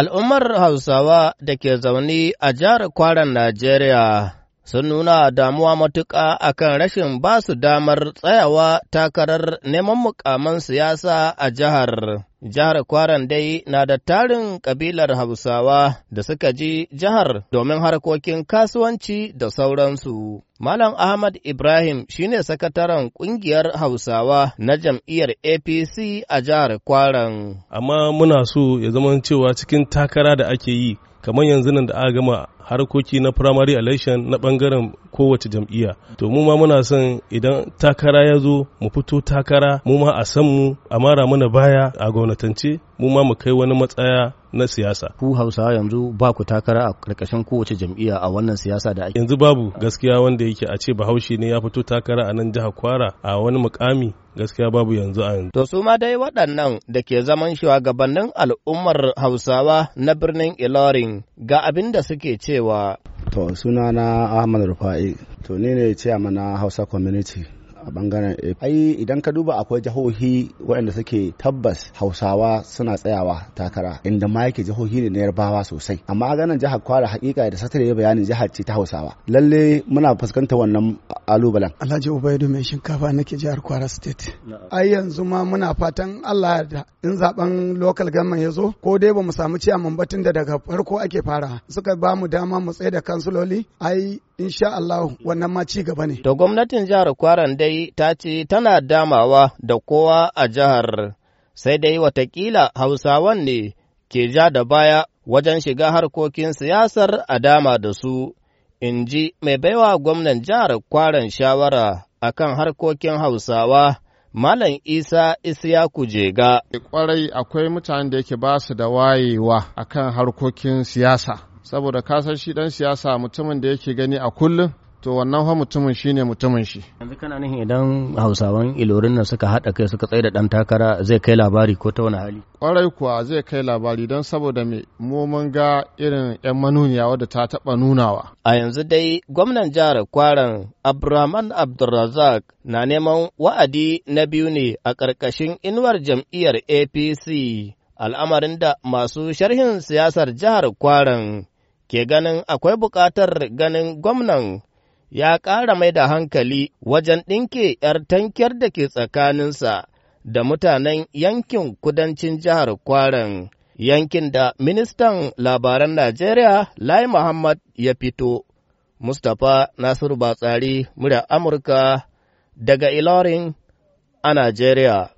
Al'ummar Hausawa da ke zaune a jihar Kwaran Najeriya sun nuna damuwa matuƙa a kan rashin ba su damar tsayawa takarar neman mukaman siyasa a jihar. Jihar Kwaran dai na da tarin kabilar Hausawa da suka ji jihar domin harkokin kasuwanci da sauransu. Malam Ahmad Ibrahim shine sakataren ƙungiyar Hausawa na jam'iyyar APC a jihar Kwaran. Amma muna so ya zama cewa cikin takara da ake yi, kamar yanzu nan da aka gama harkoki na primary election na bangaren kowace jam'iyya to mu ma muna son idan takara ya zo mu fito takara mu ma a san mu a mara mana baya a gwamnatance mu ma mu kai wani matsaya na siyasa. Ku Hausawa yanzu ba ku takara a ƙarƙashin kowace jam'iyya a wannan siyasa da ake. Yanzu babu gaskiya wanda yake a ce Bahaushe ne ya fito takara a nan jihar Kwara a wani mukami gaskiya babu yanzu a yanzu. To su ma dai waɗannan da ke zaman shugabannin al'ummar Hausawa na birnin Ilorin ga abin da suke ce cewa to sunana ahmad rufa'i to ne ne ce na hausa community a bangaren ai idan ka duba akwai jihohi waɗanda suke tabbas hausawa suna tsayawa takara inda ma yake jihohi ne na yarbawa sosai amma ganin jihar kwara hakika da satare ya bayanin jihar ce ta hausawa lalle muna fuskantar wannan alubalan alhaji ubaidu mai shinkafa nake jihar kwara state ai yanzu ma muna fatan allah da in zaben local government ya zo ko dai ba mu samu ciyaman batun da daga farko ake fara suka ba mu dama mu tsaye da kansuloli ai insha Allah wannan ma ci gaba ne. To gwamnatin jihar Kwaran dai ta ce tana damawa da kowa a jihar sai dai watakila Hausawan ne ke ja da baya wajen shiga harkokin siyasar a dama da su, in ji mai baiwa gwamnan jihar Kwaran shawara akan harkokin Hausawa. Malam Isa Isiyaku Jega. Kwarai akwai mutanen da yake ba su da wayewa akan harkokin siyasa. saboda kasan shi dan siyasa mutumin da yake gani a kullum to wannan fa mutumin shi ne mutumin shi yanzu kana nihin idan hausawan ilorin nan suka haɗa kai suka tsaye da ɗan takara zai kai labari ko ta wani hali ƙwarai kuwa zai kai labari don saboda mai, mu mun ga irin 'yan manuniya wadda ta taɓa nunawa a yanzu dai gwamnan jihar kwaran abdulrahman abdulrazak na neman wa'adi na biyu ne a ƙarƙashin inuwar jam'iyyar apc al'amarin da masu sharhin siyasar jihar kwaran ke ganin akwai buƙatar ganin gwamnan ya ƙara mai da hankali wajen ɗinke ‘yar tankiyar da ke tsakaninsa da mutanen yankin kudancin jihar Kwaran, yankin da ministan labaran Najeriya Lai Muhammad ya fito. Mustapha Nasiru Batsari, murya Amurka daga Ilorin a Najeriya.